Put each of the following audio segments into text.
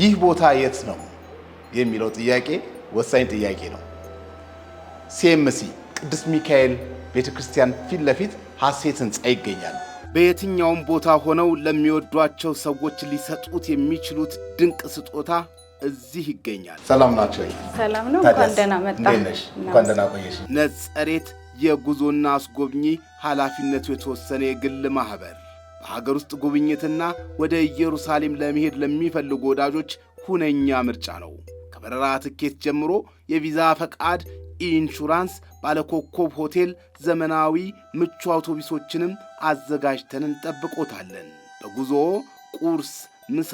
ይህ ቦታ የት ነው የሚለው ጥያቄ ወሳኝ ጥያቄ ነው። ሲኤምሲ ቅዱስ ሚካኤል ቤተክርስቲያን ፊት ለፊት ሐሴት ሕንፃ ይገኛል። በየትኛውም ቦታ ሆነው ለሚወዷቸው ሰዎች ሊሰጡት የሚችሉት ድንቅ ስጦታ እዚህ ይገኛል። ሰላም ናቸው። ሰላም ነው። እንኳን ደህና እንኳን ደህና ቆየሽ። ነጸሬት የጉዞና አስጎብኚ ኃላፊነቱ የተወሰነ የግል ማህበር በሀገር ውስጥ ጉብኝትና ወደ ኢየሩሳሌም ለመሄድ ለሚፈልጉ ወዳጆች ሁነኛ ምርጫ ነው። ከበረራ ትኬት ጀምሮ የቪዛ ፈቃድ፣ ኢንሹራንስ፣ ባለኮከብ ሆቴል፣ ዘመናዊ ምቹ አውቶቡሶችንም አዘጋጅተን እንጠብቆታለን። በጉዞ ቁርስ፣ ምሳ፣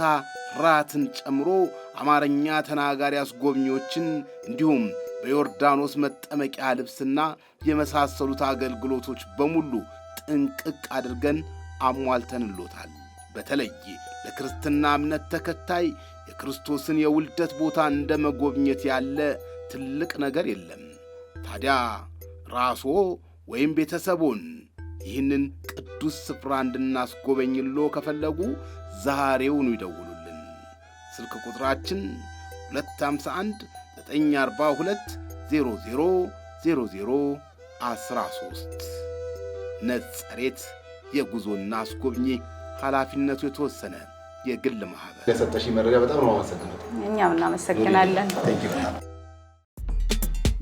ራትን ጨምሮ አማርኛ ተናጋሪ አስጎብኚዎችን እንዲሁም በዮርዳኖስ መጠመቂያ ልብስና የመሳሰሉት አገልግሎቶች በሙሉ ጥንቅቅ አድርገን አሟልተንሎታል። በተለይ ለክርስትና እምነት ተከታይ የክርስቶስን የውልደት ቦታ እንደ መጎብኘት ያለ ትልቅ ነገር የለም። ታዲያ ራስዎ ወይም ቤተሰቦን ይህንን ቅዱስ ስፍራ እንድናስጎበኝሎ ከፈለጉ ዛሬውኑ ይደውሉልን። ስልክ ቁጥራችን 251 942 13 ነጸሬት የጉዞና አስጎብኚ ኃላፊነቱ የተወሰነ የግል ማህበር። ለሰጠሽ መረጃ በጣም ነው አመሰግናለሁ። እኛም እናመሰግናለን።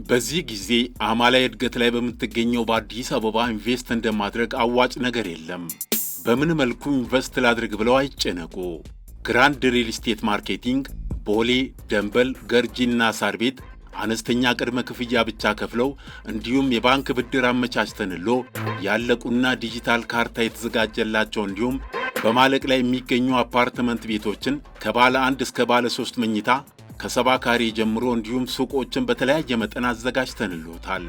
በዚህ ጊዜ አማላይ እድገት ላይ በምትገኘው በአዲስ አበባ ኢንቨስት እንደማድረግ አዋጭ ነገር የለም። በምን መልኩ ኢንቨስት ላድርግ ብለው አይጨነቁ። ግራንድ ሪል ስቴት ማርኬቲንግ ቦሌ፣ ደንበል፣ ገርጂና ሳር ቤት አነስተኛ ቅድመ ክፍያ ብቻ ከፍለው እንዲሁም የባንክ ብድር አመቻችተንሎ ያለቁና ዲጂታል ካርታ የተዘጋጀላቸው እንዲሁም በማለቅ ላይ የሚገኙ አፓርትመንት ቤቶችን ከባለ አንድ እስከ ባለ ሶስት መኝታ ከሰባ ካሬ ጀምሮ እንዲሁም ሱቆችን በተለያየ መጠን አዘጋጅተንሎታል።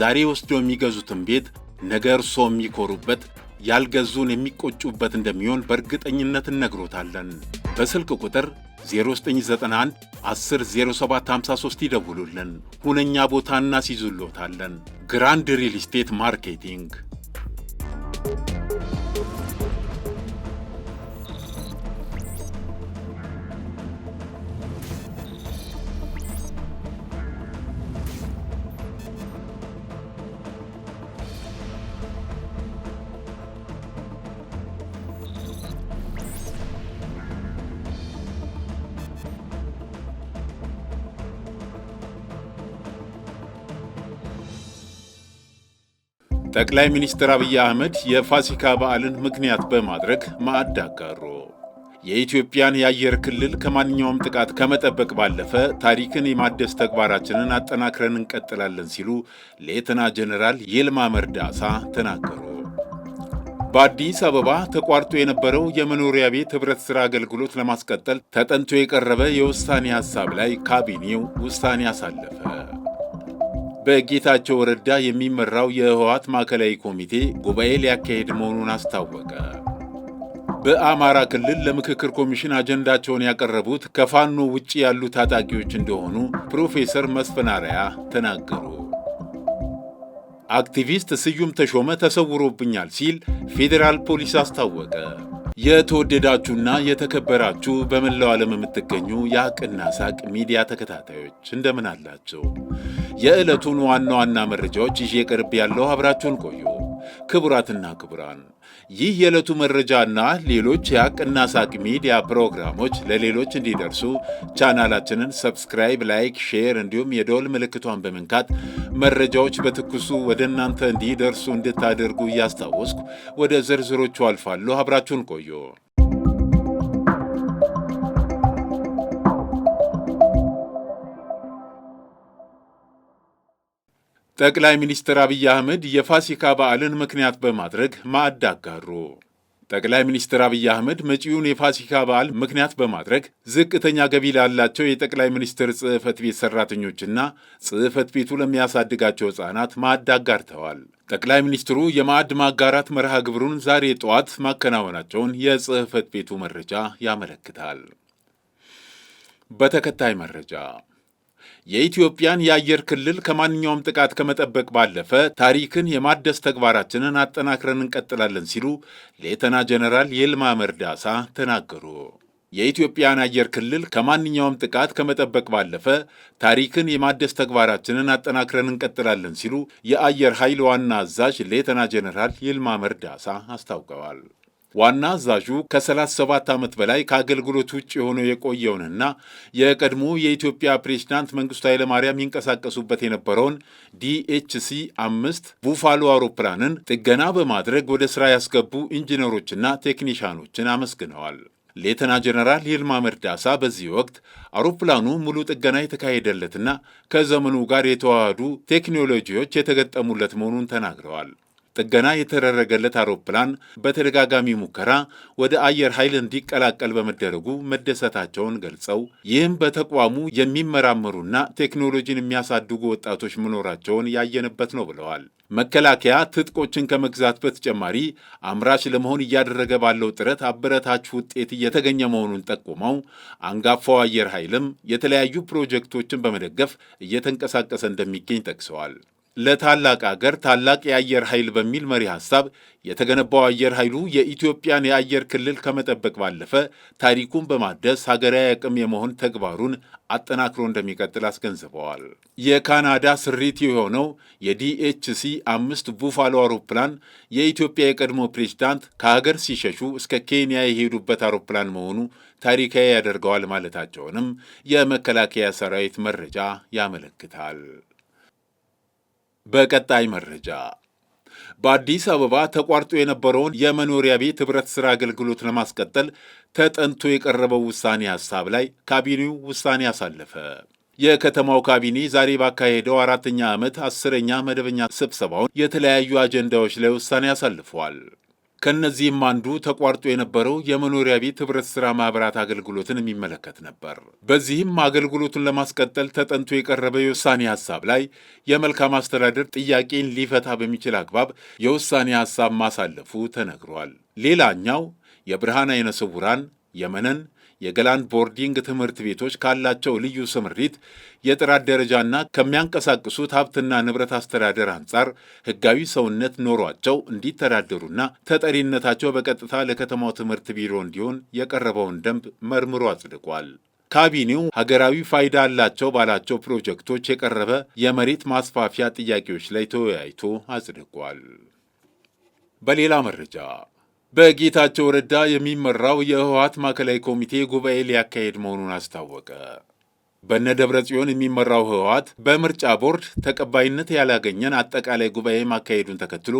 ዛሬ ወስዶ የሚገዙትን ቤት ነገ እርሶ የሚኮሩበት ያልገዙን የሚቆጩበት እንደሚሆን በእርግጠኝነት እነግሮታለን። በስልክ ቁጥር 0991 53 ይደውሉልን። ሁነኛ ቦታ እናስይዙልዎታለን። ግራንድ ሪል ስቴት ማርኬቲንግ ጠቅላይ ሚኒስትር አብይ አህመድ የፋሲካ በዓልን ምክንያት በማድረግ ማዕድ አጋሩ። የኢትዮጵያን የአየር ክልል ከማንኛውም ጥቃት ከመጠበቅ ባለፈ ታሪክን የማደስ ተግባራችንን አጠናክረን እንቀጥላለን ሲሉ ሌተና ጀኔራል ይልማ መርዳሳ ተናገሩ። በአዲስ አበባ ተቋርጦ የነበረው የመኖሪያ ቤት ህብረት ሥራ አገልግሎት ለማስቀጠል ተጠንቶ የቀረበ የውሳኔ ሐሳብ ላይ ካቢኔው ውሳኔ አሳለፈ። በጌታቸው ረዳ የሚመራው የህወሓት ማዕከላዊ ኮሚቴ ጉባኤ ሊያካሄድ መሆኑን አስታወቀ። በአማራ ክልል ለምክክር ኮሚሽን አጀንዳቸውን ያቀረቡት ከፋኖ ውጭ ያሉ ታጣቂዎች እንደሆኑ ፕሮፌሰር መስፈናሪያ ተናገሩ። አክቲቪስት ስዩም ተሾመ ተሰውሮብኛል ሲል ፌዴራል ፖሊስ አስታወቀ። የተወደዳችሁና የተከበራችሁ በመላው ዓለም የምትገኙ የአቅና ሳቅ ሚዲያ ተከታታዮች እንደምን አላቸው? የዕለቱን ዋና ዋና መረጃዎች ይዤ ቀርብ ያለው አብራችሁን ቆዩ። ክቡራትና ክቡራን ይህ የዕለቱ መረጃና ሌሎች የአቅና ሳቅ ሚዲያ ፕሮግራሞች ለሌሎች እንዲደርሱ ቻናላችንን ሰብስክራይብ፣ ላይክ፣ ሼር እንዲሁም የደወል ምልክቷን በመንካት መረጃዎች በትኩሱ ወደ እናንተ እንዲደርሱ እንድታደርጉ እያስታወስኩ ወደ ዝርዝሮቹ አልፋለሁ። አብራችሁን ቆዩ። ጠቅላይ ሚኒስትር አብይ አህመድ የፋሲካ በዓልን ምክንያት በማድረግ ማዕድ አጋሩ። ጠቅላይ ሚኒስትር አብይ አህመድ መጪውን የፋሲካ በዓል ምክንያት በማድረግ ዝቅተኛ ገቢ ላላቸው የጠቅላይ ሚኒስትር ጽህፈት ቤት ሰራተኞችና ጽህፈት ቤቱ ለሚያሳድጋቸው ሕፃናት ማዕድ አጋርተዋል። ጠቅላይ ሚኒስትሩ የማዕድ ማጋራት መርሃ ግብሩን ዛሬ ጠዋት ማከናወናቸውን የጽህፈት ቤቱ መረጃ ያመለክታል። በተከታይ መረጃ የኢትዮጵያን የአየር ክልል ከማንኛውም ጥቃት ከመጠበቅ ባለፈ ታሪክን የማደስ ተግባራችንን አጠናክረን እንቀጥላለን ሲሉ ሌተና ጀነራል የልማ መርዳሳ ተናገሩ። የኢትዮጵያን አየር ክልል ከማንኛውም ጥቃት ከመጠበቅ ባለፈ ታሪክን የማደስ ተግባራችንን አጠናክረን እንቀጥላለን ሲሉ የአየር ኃይል ዋና አዛዥ ሌተና ጀነራል ይልማ መርዳሳ አስታውቀዋል። ዋና አዛዡ ከ37 ዓመት በላይ ከአገልግሎት ውጭ የሆነው የቆየውንና የቀድሞ የኢትዮጵያ ፕሬዚዳንት መንግስቱ ኃይለማርያም ይንቀሳቀሱበት የነበረውን ዲኤችሲ አምስት ቡፋሎ አውሮፕላንን ጥገና በማድረግ ወደ ሥራ ያስገቡ ኢንጂነሮችና ቴክኒሻኖችን አመስግነዋል። ሌተና ጀነራል ይልማ መርዳሳ በዚህ ወቅት አውሮፕላኑ ሙሉ ጥገና የተካሄደለትና ከዘመኑ ጋር የተዋሃዱ ቴክኖሎጂዎች የተገጠሙለት መሆኑን ተናግረዋል። ጥገና የተደረገለት አውሮፕላን በተደጋጋሚ ሙከራ ወደ አየር ኃይል እንዲቀላቀል በመደረጉ መደሰታቸውን ገልጸው ይህም በተቋሙ የሚመራመሩና ቴክኖሎጂን የሚያሳድጉ ወጣቶች መኖራቸውን ያየንበት ነው ብለዋል። መከላከያ ትጥቆችን ከመግዛት በተጨማሪ አምራች ለመሆን እያደረገ ባለው ጥረት አበረታች ውጤት እየተገኘ መሆኑን ጠቁመው አንጋፋው አየር ኃይልም የተለያዩ ፕሮጀክቶችን በመደገፍ እየተንቀሳቀሰ እንደሚገኝ ጠቅሰዋል። ለታላቅ አገር ታላቅ የአየር ኃይል በሚል መሪ ሐሳብ የተገነባው አየር ኃይሉ የኢትዮጵያን የአየር ክልል ከመጠበቅ ባለፈ ታሪኩን በማደስ ሀገራዊ አቅም የመሆን ተግባሩን አጠናክሮ እንደሚቀጥል አስገንዝበዋል። የካናዳ ስሪት የሆነው የዲኤችሲ አምስት ቡፋሎ አውሮፕላን የኢትዮጵያ የቀድሞ ፕሬዝዳንት ከሀገር ሲሸሹ እስከ ኬንያ የሄዱበት አውሮፕላን መሆኑ ታሪካዊ ያደርገዋል ማለታቸውንም የመከላከያ ሰራዊት መረጃ ያመለክታል። በቀጣይ መረጃ በአዲስ አበባ ተቋርጦ የነበረውን የመኖሪያ ቤት ህብረት ሥራ አገልግሎት ለማስቀጠል ተጠንቶ የቀረበው ውሳኔ ሐሳብ ላይ ካቢኔው ውሳኔ አሳለፈ። የከተማው ካቢኔ ዛሬ ባካሄደው አራተኛ ዓመት አስረኛ መደበኛ ስብሰባውን የተለያዩ አጀንዳዎች ላይ ውሳኔ አሳልፈዋል። ከእነዚህም አንዱ ተቋርጦ የነበረው የመኖሪያ ቤት ህብረት ስራ ማህበራት አገልግሎትን የሚመለከት ነበር። በዚህም አገልግሎቱን ለማስቀጠል ተጠንቶ የቀረበ የውሳኔ ሀሳብ ላይ የመልካም አስተዳደር ጥያቄን ሊፈታ በሚችል አግባብ የውሳኔ ሀሳብ ማሳለፉ ተነግሯል። ሌላኛው የብርሃን አይነ ስውራን የመነን የገላንድ ቦርዲንግ ትምህርት ቤቶች ካላቸው ልዩ ስምሪት፣ የጥራት ደረጃና ከሚያንቀሳቅሱት ሀብትና ንብረት አስተዳደር አንጻር ሕጋዊ ሰውነት ኖሯቸው እንዲተዳደሩና ተጠሪነታቸው በቀጥታ ለከተማው ትምህርት ቢሮ እንዲሆን የቀረበውን ደንብ መርምሮ አጽድቋል። ካቢኔው ሀገራዊ ፋይዳ አላቸው ባላቸው ፕሮጀክቶች የቀረበ የመሬት ማስፋፊያ ጥያቄዎች ላይ ተወያይቶ አጽድቋል። በሌላ መረጃ በጌታቸው ረዳ የሚመራው የህወሀት ማዕከላዊ ኮሚቴ ጉባኤ ሊያካሄድ መሆኑን አስታወቀ። በነ ደብረ ጽዮን የሚመራው ህወሀት በምርጫ ቦርድ ተቀባይነት ያላገኘን አጠቃላይ ጉባኤ ማካሄዱን ተከትሎ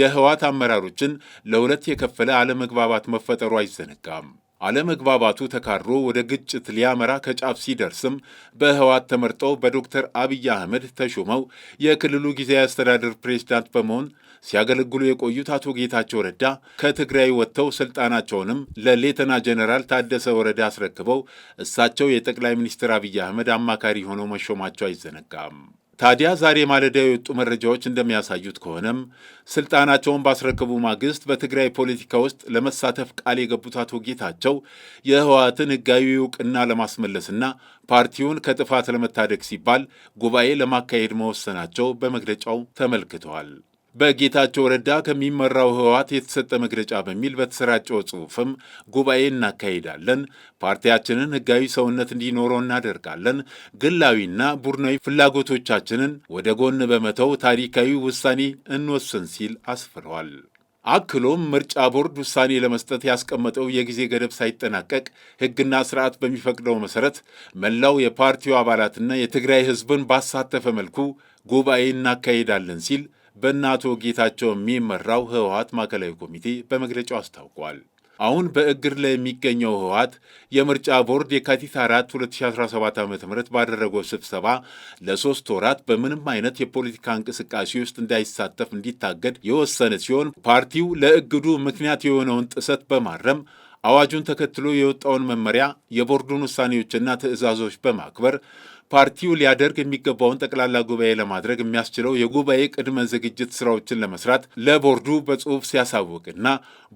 የህወሀት አመራሮችን ለሁለት የከፈለ አለመግባባት መፈጠሩ አይዘነጋም። አለመግባባቱ ተካሮ ወደ ግጭት ሊያመራ ከጫፍ ሲደርስም በህወሀት ተመርጠው በዶክተር አብይ አህመድ ተሾመው የክልሉ ጊዜያዊ አስተዳደር ፕሬዝዳንት በመሆን ሲያገለግሉ የቆዩት አቶ ጌታቸው ረዳ ከትግራይ ወጥተው ስልጣናቸውንም ለሌተና ጀነራል ታደሰ ወረዳ አስረክበው እሳቸው የጠቅላይ ሚኒስትር አብይ አህመድ አማካሪ ሆነው መሾማቸው አይዘነጋም። ታዲያ ዛሬ ማለዳ የወጡ መረጃዎች እንደሚያሳዩት ከሆነም ስልጣናቸውን ባስረከቡ ማግስት በትግራይ ፖለቲካ ውስጥ ለመሳተፍ ቃል የገቡት አቶ ጌታቸው የህወሓትን ህጋዊ እውቅና ለማስመለስና ፓርቲውን ከጥፋት ለመታደግ ሲባል ጉባኤ ለማካሄድ መወሰናቸው በመግለጫው ተመልክተዋል። በጌታቸው ረዳ ከሚመራው ህወሓት የተሰጠ መግለጫ በሚል በተሰራጨው ጽሑፍም ጉባኤ እናካሂዳለን፣ ፓርቲያችንን ህጋዊ ሰውነት እንዲኖረው እናደርጋለን፣ ግላዊና ቡድናዊ ፍላጎቶቻችንን ወደ ጎን በመተው ታሪካዊ ውሳኔ እንወስን ሲል አስፍረዋል። አክሎም ምርጫ ቦርድ ውሳኔ ለመስጠት ያስቀመጠው የጊዜ ገደብ ሳይጠናቀቅ ህግና ስርዓት በሚፈቅደው መሰረት መላው የፓርቲው አባላትና የትግራይ ህዝብን ባሳተፈ መልኩ ጉባኤ እናካሂዳለን ሲል በእነ አቶ ጌታቸው የሚመራው ህወሀት ማዕከላዊ ኮሚቴ በመግለጫው አስታውቋል። አሁን በእግር ላይ የሚገኘው ህወሀት የምርጫ ቦርድ የካቲት 4 2017 ዓ ም ባደረገው ስብሰባ ለሶስት ወራት በምንም አይነት የፖለቲካ እንቅስቃሴ ውስጥ እንዳይሳተፍ እንዲታገድ የወሰነ ሲሆን ፓርቲው ለእግዱ ምክንያት የሆነውን ጥሰት በማረም አዋጁን ተከትሎ የወጣውን መመሪያ የቦርዱን ውሳኔዎችና ትዕዛዞች በማክበር ፓርቲው ሊያደርግ የሚገባውን ጠቅላላ ጉባኤ ለማድረግ የሚያስችለው የጉባኤ ቅድመ ዝግጅት ስራዎችን ለመስራት ለቦርዱ በጽሑፍ ሲያሳውቅና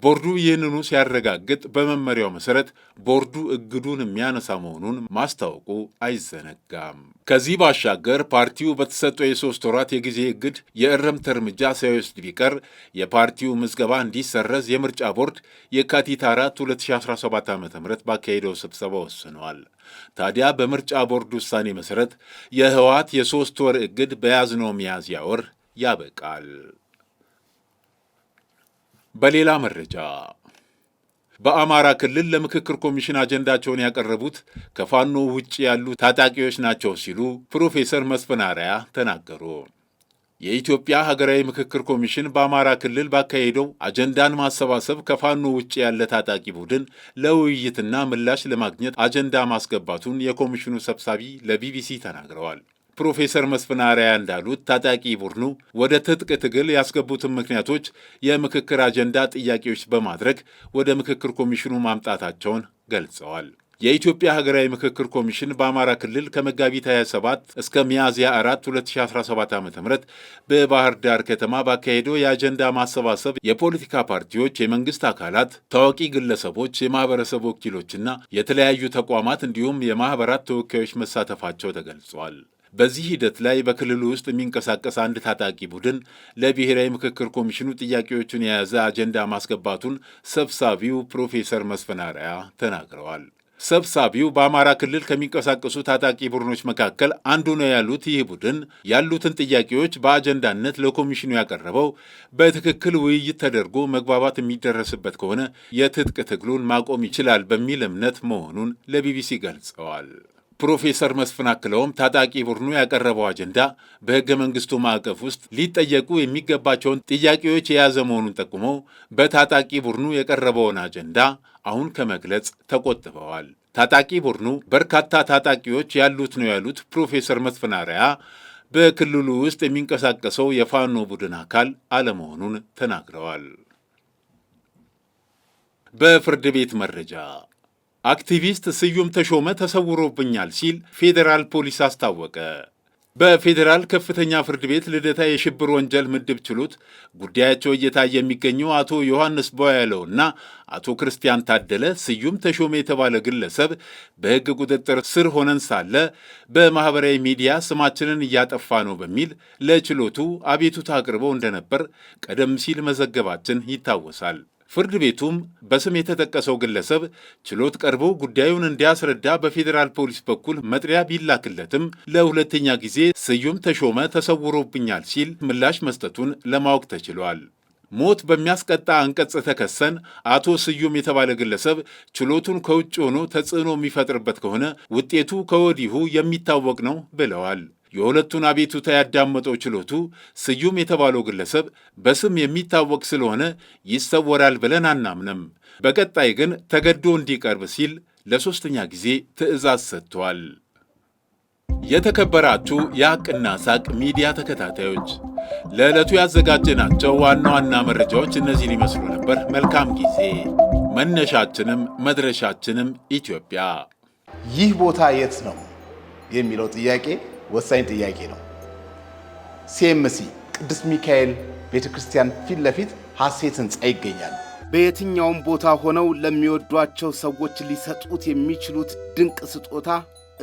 ቦርዱ ይህንኑ ሲያረጋግጥ በመመሪያው መሰረት ቦርዱ እግዱን የሚያነሳ መሆኑን ማስታወቁ አይዘነጋም። ከዚህ ባሻገር ፓርቲው በተሰጠው የሶስት ወራት የጊዜ እግድ የእረምት እርምጃ ሳይወስድ ቢቀር የፓርቲው ምዝገባ እንዲሰረዝ የምርጫ ቦርድ የካቲት 4 2017 ዓ ም ባካሄደው ስብሰባ ወስነዋል። ታዲያ በምርጫ ቦርድ ውሳኔ መሠረት የህወሓት የሦስት ወር እግድ በያዝነው ሚያዝያ ወር ያበቃል። በሌላ መረጃ በአማራ ክልል ለምክክር ኮሚሽን አጀንዳቸውን ያቀረቡት ከፋኖ ውጭ ያሉ ታጣቂዎች ናቸው ሲሉ ፕሮፌሰር መስፍን አርአያ ተናገሩ። የኢትዮጵያ ሀገራዊ ምክክር ኮሚሽን በአማራ ክልል ባካሄደው አጀንዳን ማሰባሰብ ከፋኖ ውጭ ያለ ታጣቂ ቡድን ለውይይትና ምላሽ ለማግኘት አጀንዳ ማስገባቱን የኮሚሽኑ ሰብሳቢ ለቢቢሲ ተናግረዋል። ፕሮፌሰር መስፍን አርአያ እንዳሉት ታጣቂ ቡድኑ ወደ ትጥቅ ትግል ያስገቡትን ምክንያቶች የምክክር አጀንዳ ጥያቄዎች በማድረግ ወደ ምክክር ኮሚሽኑ ማምጣታቸውን ገልጸዋል። የኢትዮጵያ ሀገራዊ ምክክር ኮሚሽን በአማራ ክልል ከመጋቢት 27 እስከ ሚያዝያ 4 2017 ዓ ም በባህር ዳር ከተማ ባካሄደው የአጀንዳ ማሰባሰብ የፖለቲካ ፓርቲዎች፣ የመንግስት አካላት፣ ታዋቂ ግለሰቦች፣ የማህበረሰብ ወኪሎችና የተለያዩ ተቋማት እንዲሁም የማህበራት ተወካዮች መሳተፋቸው ተገልጿል። በዚህ ሂደት ላይ በክልሉ ውስጥ የሚንቀሳቀስ አንድ ታጣቂ ቡድን ለብሔራዊ ምክክር ኮሚሽኑ ጥያቄዎቹን የያዘ አጀንዳ ማስገባቱን ሰብሳቢው ፕሮፌሰር መስፈናሪያ ተናግረዋል። ሰብሳቢው በአማራ ክልል ከሚንቀሳቀሱ ታጣቂ ቡድኖች መካከል አንዱ ነው ያሉት ይህ ቡድን ያሉትን ጥያቄዎች በአጀንዳነት ለኮሚሽኑ ያቀረበው በትክክል ውይይት ተደርጎ መግባባት የሚደረስበት ከሆነ የትጥቅ ትግሉን ማቆም ይችላል በሚል እምነት መሆኑን ለቢቢሲ ገልጸዋል። ፕሮፌሰር መስፍን አክለውም ታጣቂ ቡድኑ ያቀረበው አጀንዳ በሕገ መንግስቱ ማዕቀፍ ውስጥ ሊጠየቁ የሚገባቸውን ጥያቄዎች የያዘ መሆኑን ጠቁመው በታጣቂ ቡድኑ የቀረበውን አጀንዳ አሁን ከመግለጽ ተቆጥበዋል። ታጣቂ ቡድኑ በርካታ ታጣቂዎች ያሉት ነው ያሉት ፕሮፌሰር መስፍን አርአያ በክልሉ ውስጥ የሚንቀሳቀሰው የፋኖ ቡድን አካል አለመሆኑን ተናግረዋል። በፍርድ ቤት መረጃ አክቲቪስት ስዩም ተሾመ ተሰውሮብኛል ሲል ፌዴራል ፖሊስ አስታወቀ። በፌዴራል ከፍተኛ ፍርድ ቤት ልደታ የሽብር ወንጀል ምድብ ችሎት ጉዳያቸው እየታየ የሚገኘው አቶ ዮሐንስ እና አቶ ክርስቲያን ታደለ ስዩም ተሾመ የተባለ ግለሰብ በሕግ ቁጥጥር ስር ሆነን ሳለ በማኅበራዊ ሚዲያ ስማችንን እያጠፋ ነው በሚል ለችሎቱ አቤቱታ አቅርበው እንደነበር ቀደም ሲል መዘገባችን ይታወሳል። ፍርድ ቤቱም በስም የተጠቀሰው ግለሰብ ችሎት ቀርቦ ጉዳዩን እንዲያስረዳ በፌዴራል ፖሊስ በኩል መጥሪያ ቢላክለትም ለሁለተኛ ጊዜ ስዩም ተሾመ ተሰውሮብኛል ሲል ምላሽ መስጠቱን ለማወቅ ተችሏል። ሞት በሚያስቀጣ አንቀጽ ተከሰን አቶ ስዩም የተባለ ግለሰብ ችሎቱን ከውጭ ሆኖ ተጽዕኖ የሚፈጥርበት ከሆነ ውጤቱ ከወዲሁ የሚታወቅ ነው ብለዋል። የሁለቱን አቤቱታ ያዳመጠው ችሎቱ ስዩም የተባለው ግለሰብ በስም የሚታወቅ ስለሆነ ይሰወራል ብለን አናምንም፣ በቀጣይ ግን ተገዶ እንዲቀርብ ሲል ለሦስተኛ ጊዜ ትዕዛዝ ሰጥቷል። የተከበራችሁ የሐቅና ሳቅ ሚዲያ ተከታታዮች ለዕለቱ ያዘጋጀናቸው ዋና ዋና መረጃዎች እነዚህን ይመስሉ ነበር። መልካም ጊዜ። መነሻችንም መድረሻችንም ኢትዮጵያ። ይህ ቦታ የት ነው የሚለው ጥያቄ ወሳኝ ጥያቄ ነው። ሲኤምሲ ቅዱስ ሚካኤል ቤተ ክርስቲያን ፊት ለፊት ሐሴት ህንፃ ይገኛል። በየትኛውም ቦታ ሆነው ለሚወዷቸው ሰዎች ሊሰጡት የሚችሉት ድንቅ ስጦታ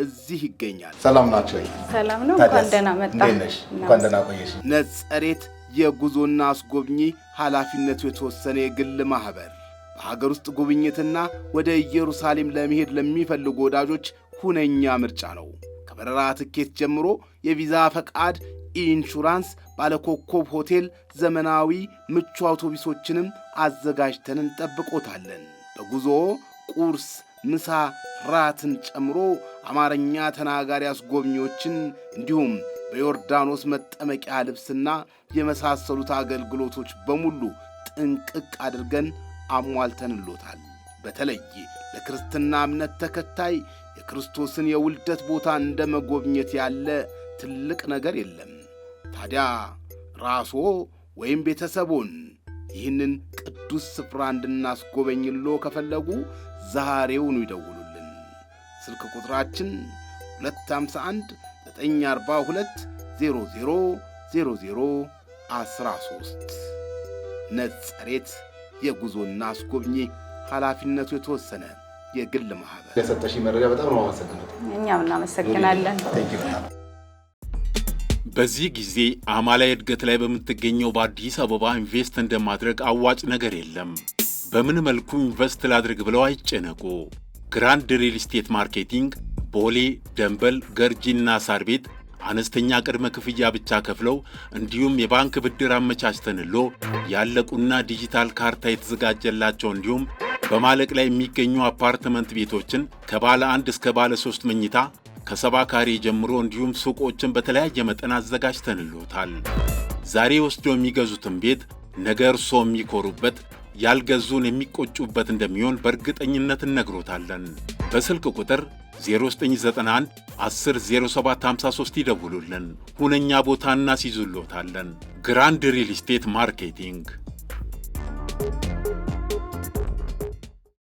እዚህ ይገኛል። ሰላም ናቸው። ሰላም ነው። እንኳን ደህና መጣ። እንኳን ደህና ቆየሽ። ነጸሬት የጉዞና አስጎብኚ ኃላፊነቱ የተወሰነ የግል ማኅበር በሀገር ውስጥ ጉብኝትና ወደ ኢየሩሳሌም ለመሄድ ለሚፈልጉ ወዳጆች ሁነኛ ምርጫ ነው። ከበረራ ትኬት ጀምሮ የቪዛ ፈቃድ፣ ኢንሹራንስ፣ ባለኮከብ ሆቴል፣ ዘመናዊ ምቹ አውቶቡሶችንም አዘጋጅተን እንጠብቆታለን። በጉዞ ቁርስ፣ ምሳ፣ ራትን ጨምሮ አማርኛ ተናጋሪ አስጎብኚዎችን እንዲሁም በዮርዳኖስ መጠመቂያ ልብስና የመሳሰሉት አገልግሎቶች በሙሉ ጥንቅቅ አድርገን አሟልተንሎታል። በተለይ ለክርስትና እምነት ተከታይ የክርስቶስን የውልደት ቦታ እንደ መጎብኘት ያለ ትልቅ ነገር የለም። ታዲያ ራስዎ ወይም ቤተሰቦን ይህንን ቅዱስ ስፍራ እንድናስጎበኝሎ ከፈለጉ ዛሬውኑ ይደውሉልን። ስልክ ቁጥራችን 251 942 00 00 13 ነጸሬት የጉዞና አስጎብኚ ኃላፊነቱ የተወሰነ የግል ማህበር። ለሰጠሽ መረጃ በጣም ነው አመሰግናለሁ። እኛም እናመሰግናለን። በዚህ ጊዜ አማላይ እድገት ላይ በምትገኘው በአዲስ አበባ ኢንቨስት እንደማድረግ አዋጭ ነገር የለም። በምን መልኩ ኢንቨስት ላድርግ ብለው አይጨነቁ። ግራንድ ሪል ስቴት ማርኬቲንግ ቦሌ፣ ደንበል፣ ገርጂና ሳር ቤት አነስተኛ ቅድመ ክፍያ ብቻ ከፍለው እንዲሁም የባንክ ብድር አመቻችተንሎ ያለቁና ዲጂታል ካርታ የተዘጋጀላቸው እንዲሁም በማለቅ ላይ የሚገኙ አፓርትመንት ቤቶችን ከባለ አንድ እስከ ባለ ሶስት መኝታ ከሰባ ካሬ ጀምሮ እንዲሁም ሱቆችን በተለያየ መጠን አዘጋጅተንልዎታል። ዛሬ ወስደው የሚገዙትን ቤት ነገ እርስዎ የሚኮሩበት፣ ያልገዙን የሚቆጩበት እንደሚሆን በእርግጠኝነት እነግሮታለን። በስልክ ቁጥር 0991 10 0753 ይደውሉልን። ሁነኛ ቦታ እናስይዙልዎታለን። ግራንድ ሪል ስቴት ማርኬቲንግ